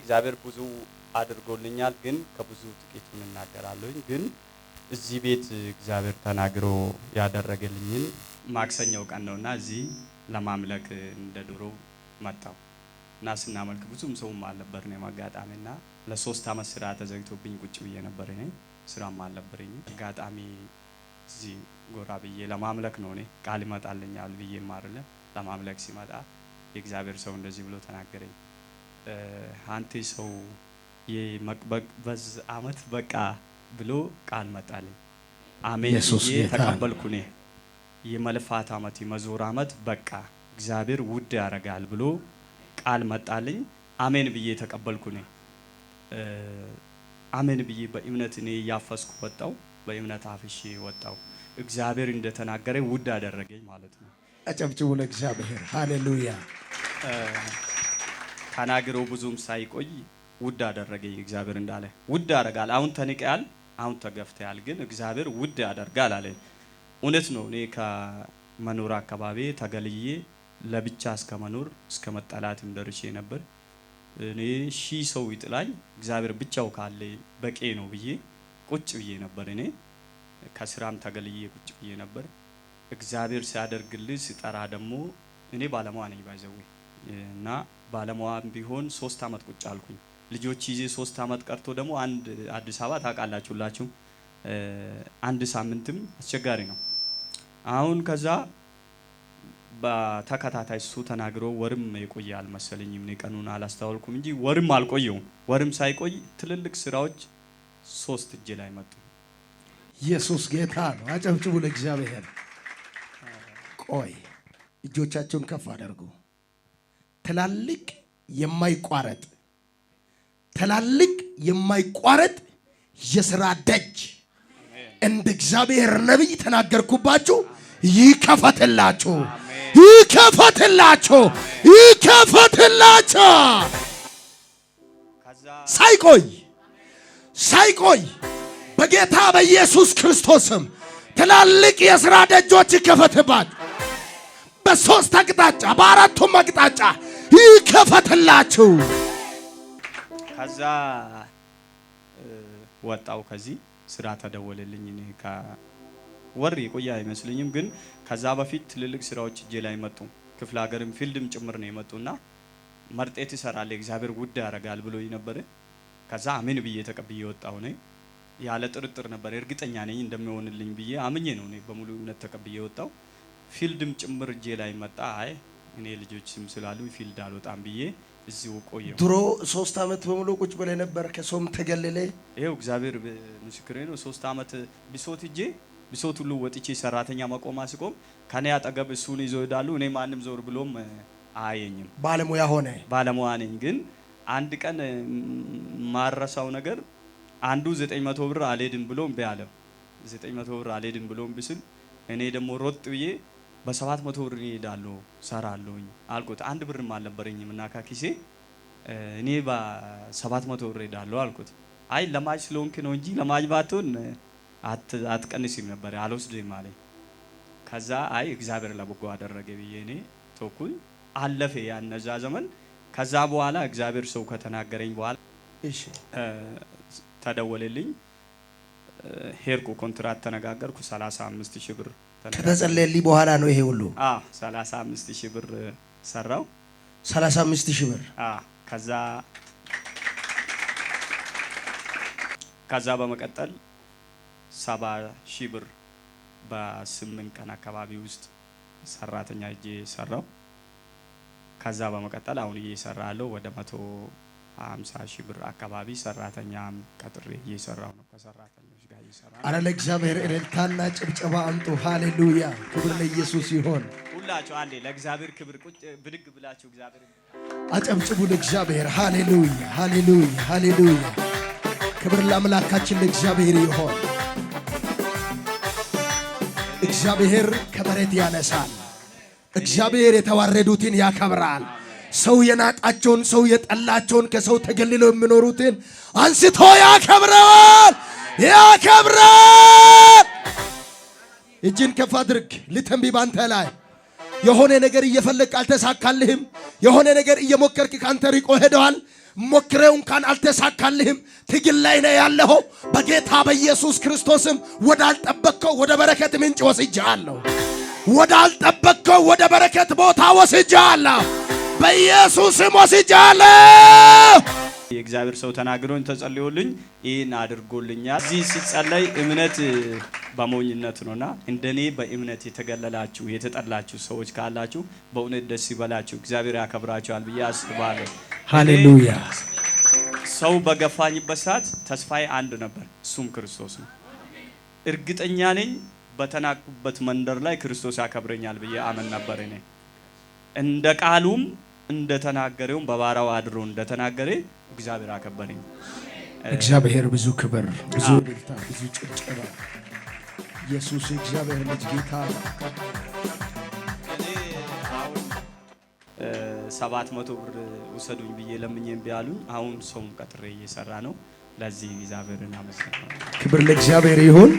እግዚአብሔር ብዙ አድርጎልኛል፣ ግን ከብዙ ጥቂት እናገራለሁኝ። ግን እዚህ ቤት እግዚአብሔር ተናግሮ ያደረገልኝን ማክሰኛው ቀን ነው እና እዚህ ለማምለክ እንደ ድሮ መጣው እና ስናመልክ ብዙም ሰውም ነው አጋጣሚ እና ለሶስት አመት ስራ ተዘግቶብኝ ቁጭ ብዬ ነበር። እኔ ስራም አልነበረኝ አጋጣሚ እዚህ ጎራ ብዬ ለማምለክ ነው እኔ ቃል ይመጣልኛል ብዬ ማርለ ለማምለክ ሲመጣ የእግዚአብሔር ሰው እንደዚህ ብሎ ተናገረኝ። አንቴ ሰው በዚ አመት በቃ ብሎ ቃል መጣልኝ። አሜን ተቀበልኩ። እኔ የመልፋት አመት የመዞር አመት በቃ እግዚአብሔር ውድ ያደርጋል ብሎ ቃል መጣልኝ። አሜን ብዬ ተቀበልኩ። እኔ አሜን ብዬ በእምነት እኔ እያፈስኩ ወጣው። በእምነት አፍሼ ወጣው። እግዚአብሔር እንደተናገረ ውድ አደረገኝ ማለት ነው። አጨብጭቡ ለእግዚአብሔር። ሃሌሉያ ተናግረው ብዙም ሳይቆይ ውድ አደረገኝ እግዚአብሔር እንዳለ ውድ ያደርጋል። አሁን ተንቀያል፣ አሁን ተገፍተያል፣ ግን እግዚአብሔር ውድ ያደርጋል አለ። እውነት ነው። እኔ ከመኖር አካባቢ ተገልዬ ለብቻ እስከ መኖር እስከ መጠላትም ደርሼ ነበር። እኔ ሺህ ሰው ይጥላኝ እግዚአብሔር ብቻው ካለ በቂ ነው ብዬ ቁጭ ብዬ ነበር። እኔ ከስራም ተገልዬ ቁጭ ብዬ ነበር። እግዚአብሔር ሲያደርግልህ ሲጠራ ደግሞ እኔ ባለሙያ ነኝ ባይዘዌ እና ባለሙያም ቢሆን ሶስት አመት ቁጭ አልኩኝ። ልጆች ይዤ ሶስት አመት ቀርቶ ደግሞ አንድ አዲስ አበባ ታውቃላችሁ አንድ ሳምንትም አስቸጋሪ ነው። አሁን ከዛ በተከታታይ እሱ ተናግሮ ወርም የቆየ አልመሰለኝም። እኔ ቀኑን አላስተዋልኩም እንጂ ወርም አልቆየውም። ወርም ሳይቆይ ትልልቅ ስራዎች ሶስት እጅ ላይ መጡ። ኢየሱስ ጌታ ነው። አጨብጭቡ ለእግዚአብሔር። ቆይ እጆቻቸውን ከፍ አደርጉ። ትላልቅ የማይቋረጥ ትላልቅ የማይቋረጥ የስራ ደጅ እንደ እግዚአብሔር ነቢይ ተናገርኩባችሁ። ይከፈትላችሁ፣ ይከፈትላችሁ፣ ይከፈትላችሁ። ሳይቆይ ሳይቆይ በጌታ በኢየሱስ ክርስቶስም ትላልቅ የሥራ ደጆች ይከፈትባችሁ። በሦስት አቅጣጫ በአራቱም አቅጣጫ ይከፈትላችሁ። ከዛ ወጣው ከዚህ ስራ ተደወለልኝ። እኔ ወር የቆየ አይመስልኝም፣ ግን ከዛ በፊት ትልልቅ ስራዎች እጄ ላይ መጡ። ክፍለ ሀገርም ፊልድም ጭምር ነው የመጡና መርጤ ትሰራለ እግዚአብሔር ውድ ያደርጋል ብሎ ነበረ። ከዛ አሜን ብዬ ተቀብዬ ወጣሁ። ነኝ ያለ ጥርጥር ነበር፣ እርግጠኛ ነኝ እንደሚሆንልኝ ብዬ አምኜ ነው በሙሉ እምነት ተቀብዬ ወጣው ፊልድም ጭምር እጄ ላይ መጣ። አይ እኔ ልጆች ስም ስላሉ ፊልድ አልወጣም ብዬ እዚሁ ቆየ። ድሮ ሶስት አመት በሙሉ ቁጭ ብለህ ነበር፣ ከሰውም ተገለለ። ይኸው እግዚአብሔር ምስክሬ ነው። ሶስት አመት ብሶት እጄ ብሶት ሁሉ ወጥቼ ሰራተኛ መቆማ አስቆም ከኔ አጠገብ እሱን ይዞ ሄዳሉ። እኔ ማንም ዞር ብሎም አየኝም። ባለሙያ ሆነ ባለሙያ ነኝ። ግን አንድ ቀን ማረሳው ነገር አንዱ ዘጠኝ መቶ ብር አልሄድም ብሎም ቢያለም ዘጠኝ መቶ ብር አልሄድም ብሎም ብስል እኔ ደግሞ ሮጥ ብዬ በሰባት መቶ ብር ይሄዳሉ ሰራለሁኝ አልኩት። አንድ ብርም አልነበረኝም እና ካኪሴ እኔ በሰባት መቶ ብር ሄዳለሁ አልኩት። አይ ለማጅ ስለሆንክ ነው እንጂ ለማጅ ባትሆን አትቀንስም ነበር አልወስድም አለኝ። ከዛ አይ እግዚአብሔር ለበጎ አደረገ ብዬ እኔ ተኩኝ። አለፈ ያነዛ ዘመን። ከዛ በኋላ እግዚአብሔር ሰው ከተናገረኝ በኋላ እሺ ተደወለልኝ። ሄድኩ፣ ኮንትራት ተነጋገርኩ። 35 ሺህ ብር ከተጸለየልኝ በኋላ ነው ይሄ ሁሉ። አ 35 ሺህ ብር ሰራው። 35 ሺህ ብር ከዛ ከዛ በመቀጠል ሰባ ሺህ ብር በስምንት ቀን አካባቢ ውስጥ ሰራተኛ እጄ ሰራው። ከዛ በመቀጠል አሁን እየሰራ ያለው ወደ መቶ ሀምሳ ሺህ ብር አካባቢ ሰራተኛም ቀጥሬ እየሰራው ነው። ከሰራተኞች ጋር ይሰራል። አረ ለእግዚአብሔር እልልታና ጭብጨባ አምጡ። ሃሌሉያ! ክብር ለኢየሱስ ይሆን። ሁላችሁ አንዴ ለእግዚአብሔር ክብር ቁጭ ብድግ ብላችሁ እግዚአብሔር አጨብጭቡ ለእግዚአብሔር። ሃሌሉያ! ሃሌሉያ! ሃሌሉያ! ክብር ለአምላካችን ለእግዚአብሔር ይሆን። እግዚአብሔር ከመሬት ያነሳል። እግዚአብሔር የተዋረዱትን ያከብራል። ሰው የናቃቸውን ሰው የጠላቸውን ከሰው ተገልለው የሚኖሩትን አንስቶ ያከብረዋል። ያከብራል። እጅን ከፍ አድርግ። ልተንቢ ባንተ ላይ የሆነ ነገር እየፈለግ አልተሳካልህም። የሆነ ነገር እየሞከርክ ካንተ ሪቆ ሄደዋል። ሞክሬው እንኳን አልተሳካልህም። ትግል ላይ ነው ያለኸው። በጌታ በኢየሱስ ክርስቶስም ወዳልጠበቅከው ወደ በረከት ምንጭ ወስጄሃለሁ። ወዳልጠበቅከው ወደ በረከት ቦታ ወስጄሃለሁ። በኢየሱስም ወስጄሃለሁ። የእግዚአብሔር ሰው ተናግሮኝ ተጸልዮልኝ ይህን አድርጎልኛል። እዚህ ሲጸለይ እምነት በሞኝነት ነውና እንደኔ በእምነት የተገለላችሁ የተጠላችሁ ሰዎች ካላችሁ በእውነት ደስ ይበላችሁ፣ እግዚአብሔር ያከብራችኋል ብዬ አስባለሁ። ሃሌሉያ። ሰው በገፋኝበት ሰዓት ተስፋዬ አንድ ነበር፣ እሱም ክርስቶስ ነው። እርግጠኛ ነኝ በተናቁበት መንደር ላይ ክርስቶስ ያከብረኛል ብዬ አመን ነበር። እኔ እንደ ቃሉም እንደተናገረውም በባራው አድሮ እንደተናገረ እግዚአብሔር አከበረኝ። እግዚአብሔር ብዙ ክብር፣ ብዙ ብልታ፣ ብዙ ጭብጨባ። ኢየሱስ እግዚአብሔር ልጅ ጌታ ሰባት መቶ ብር ውሰዱኝ ብዬ ለምኝ እምቢ አሉኝ። አሁን ሰውም ቀጥሬ እየሰራ ነው። ለዚህ እግዚአብሔርን አመሰግናለሁ። ክብር ለእግዚአብሔር ይሁን።